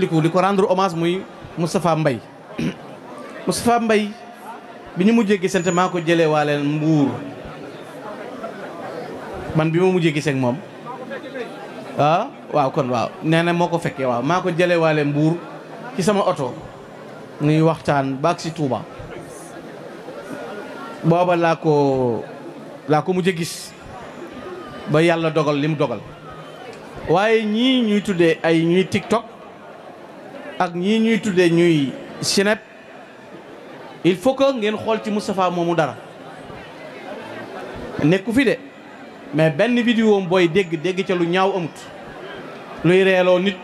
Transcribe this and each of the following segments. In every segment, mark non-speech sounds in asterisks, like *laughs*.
liku liku rendre hommage muy mustapha mbay *coughs* mustapha mbay biñu mujjé mujjee gisante maa ko man bima ma mujjee ak ah waaw kon waaw néna moko féké waaw mako jélé walé mbour ci sama auto nuy waxtaan baag ci Touba booba la ko la ko mujjé gis ba yalla dogal lim dogal waye ñi ñuy tuddé ay ñuy TikTok ak ñii ñuy tuddee ñuy sinep il faut que ngeen xool ci Moustapha moomu dara nekku fi de mais benn vidéo booy dégg dégg ca lu ñaaw amut luy reeloo nit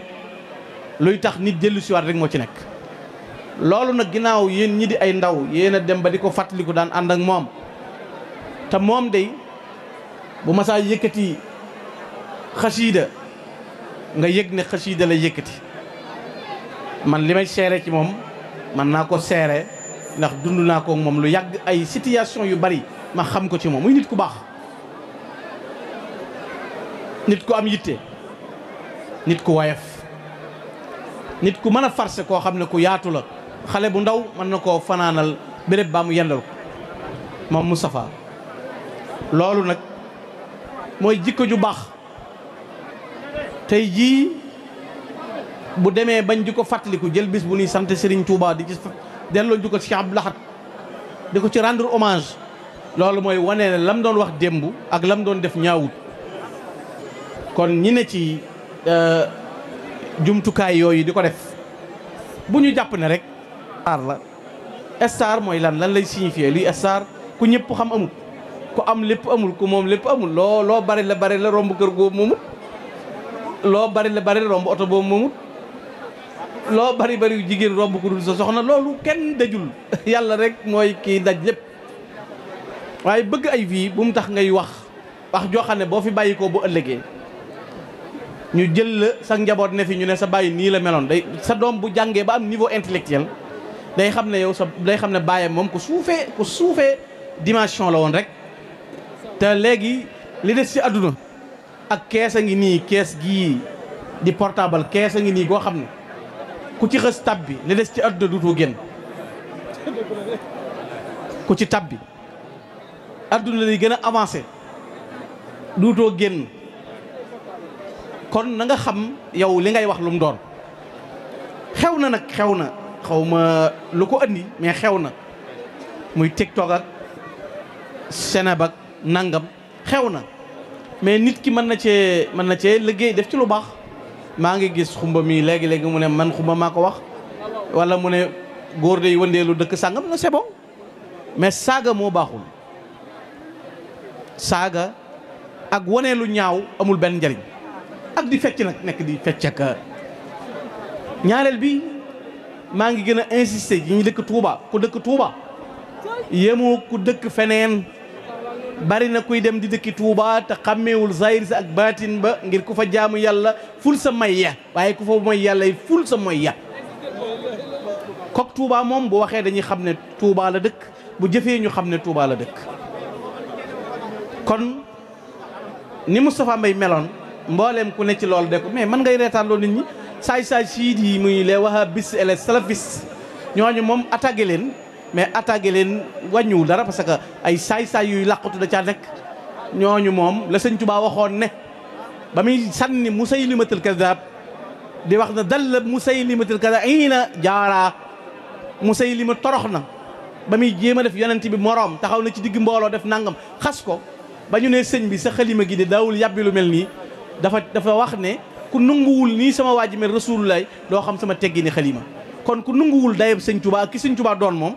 luy tax nit jëllu siwaat rek moo ci nekk loolu nag ginnaaw yéen ñi di ay ndaw yéen a dem ba di ko fàttaliku daan ànd ak moom te moom day bu masaa yëkkati xasiida nga yëg ne xasiida la yëkkati man li may seere ci moom man naa ko seere ndax dund naa ko moom lu yàgg ay situation yu bari ma xam ko ci moom muy nit ku baax nit ku am yitte nit ku woyof nit ku mën a farse koo xam ne ku yaatu la xale bu ndaw mën na koo fanaanal béréb baa mu yendal ko moom Moustapha loolu nag mooy jikko ju baax tey jii bu demee bañ di ko fàttaliku jël bis bu ñuy sante Serigne Touba di ci delloo jukkal Cheikh Abdou Lahad di ko ci rendre hommage loolu mooy wane ne lam doon wax démb ak lam doon def ñaawut kon ñi ne ci euh, jumtukaay yooyu di ko def bu ñu jàpp ne rek star la star mooy lan lan lay signifier luy star ku ñëpp xam amul ku am lépp amul ku moom lépp amul loo loo bari la bari la romb kër goo moomut loo bari la bari la romb oto boobu moomut lo bari bari jigen romb ko dul sa soxna lolou ken dajul *laughs* yalla rek moy ki daj lepp waye bëgg ay vie bu mu tax ngay wax wax jo xane bo fi bayiko ko bu ëllëgee ñu jël la sa njabot ne fi ñu ne sa bàyyi ni la melone day sa dom bu jàngee ba am niveau intellectuel day xamne yow sa day xamne baye mom ko soufé ko soufé dimension la won rek te léegi li des ci aduna ak kees a ngi ni kess gi di portable ngi nii go xamne ku ci xës tab bi li des ci àdduna duutoo génn ku ci tab bi àdduna lay gën a avancé duutoo génn kon na nga xam yow li ngay wax lu mu doon xew na nag xew na xew ma lu ko andi mais xew na muy teg ak Senab ak nangam xew na mais nit ki mën na cee mën na cee liggéey def ci lu baax maa ngi gis xumba mii léegi-léegi mu ne man xumba maa ko wax wala mu ne góor day wëndeelu dëkk sàngam na c'est mais saaga moo baaxul saaga ak wane lu ñaaw amul benn njariñ ak di fecc nag nekk di fecc ak euh, ñaareel bi maa ngi gën a insister yi ñu dëkk Touba ku dëkk tuuba yemoo ku dëkk feneen bari na kuy dem di dëkki Touba te xàmmewul zahir sa ak baatin ba ngir ku fa jaamu yàlla ful sa may ya waaye ku fa mooy yàlla ful sa mooy ya kok Touba moom bu waxee dañuy xam ne Touba la dëkk bu jëfee ñu xam ne Touba la dëkk kon ni mu Moustapha Mbaye meloon mbooleem ku ne ci loolu de ko mais man ngay reetaan loolu nit ñi saay saay siid yi muy les wahabis et les salafis ñooñu moom attaqué leen mais attaqué leen wàññiwul dara parce que ay saay-saay yuy làqatu da caa nekk ñooñu moom la sëñ Tuubaa waxoon ne ba muy sànni Musaylimatul Kadaab di wax na dal Musaylimatul Kadaab ii na jaaraa Musaylima torox na ba muy jéem a def yonent bi moroom taxaw na ci digg mbooloo def nangam xas ko ba ñu ne sëñ bi sa xalima gi de daawul yàbbi lu mel nii dafa dafa wax ne ku nunguwul nii sama waa ji mel Rasulullaay doo xam sama teggi ni xalima kon ku nunguwul dayeb sëñ Tuubaa ak ki sëñ Tuubaa doon moom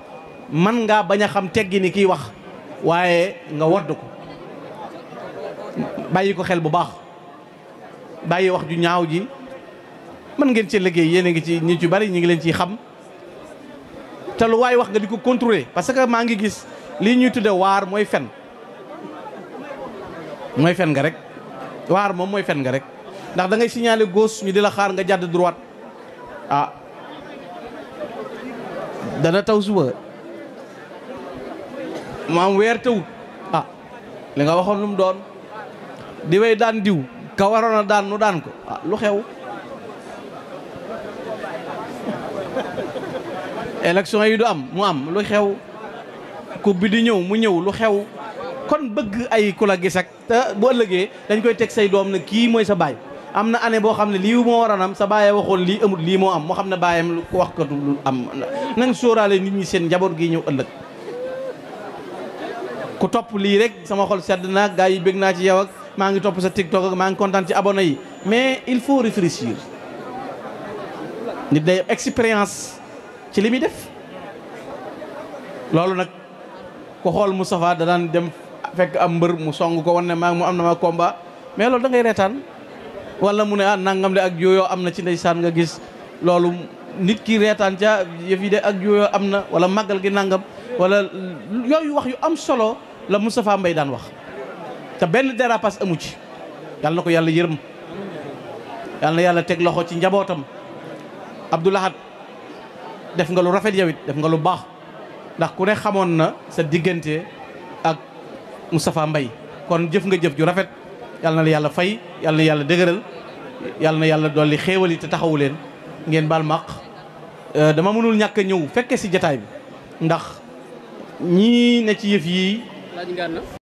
man nga baña xam teggini ni wax waaye nga bayi ko bàyyi ko xel bu baax bayyi wax ju ñaaw ji man ngeen ci liggey yene ngi ci ñi ci bari ñi ngi leen ci xam te lu waaye wax nga diko contrôler parce que ma ngi gis li ñuy tudde war moy fen moy fen nga rek war mom moy fen nga rek ndax da ngay signaler gauche ñu dila xaar nga jadd droite ah dana taw suba maam weer tëwut ah li nga waxoon lu mu doon di way daan diw ka waroon a daan nu daan ko ah lu xew *laughs* élection yi du am mu am lu xew coupe bi di ñëw mu ñëw lu xew kon bëgg ay ku la gis te bu ëllëgee dañ koy teg say doom na kii mooy sa baay am na année boo xam ne lii moo waroon am sa baay waxoon lii amut lii moo am moo xam ne baayam wax ko du am nañ sóoraale nit ñi seen njaboot gii ñëw ëllëg ku top li rek sama xol sedd na gaa yi bég naa ci yow ak ma ngi top sa TikTok ak ma ngi kontaan ci abonné yi mais il faut réfléchir nit day expérience ci limi def nak ko xol mustafa da nan dem fekk am mbeur mu song ko wonne ma mu am na ma combat mais loolu da ngay reetaan wala mu ne ah nangam de ak yooyoo amna ci ndeysaan nga gis loolu nit ki reetaan ja yëf de ak yooyoo amna wala magal gi nangam wala yoyu wax yu am solo la Moustapha Mbaye daan wax te benn dérapage amu ci yalla nako yalla yàlla yalla yalla tek loxo ci njabotam Abdou Lahad def nga lu rafet yawit def nga lu bax ndax ku ne xamone na sa diggante ak Moustapha Mbaye kon jëf nga jëf ju rafet yalla na la yalla fay yalla na yalla dëgëral yalla na yalla doli xéewal te taxawu len ngeen baal ma euh, dama mënul ñàkk a ñëw fekke ci jotaay bi ndax ñi ne ci yef yi Sadji Gana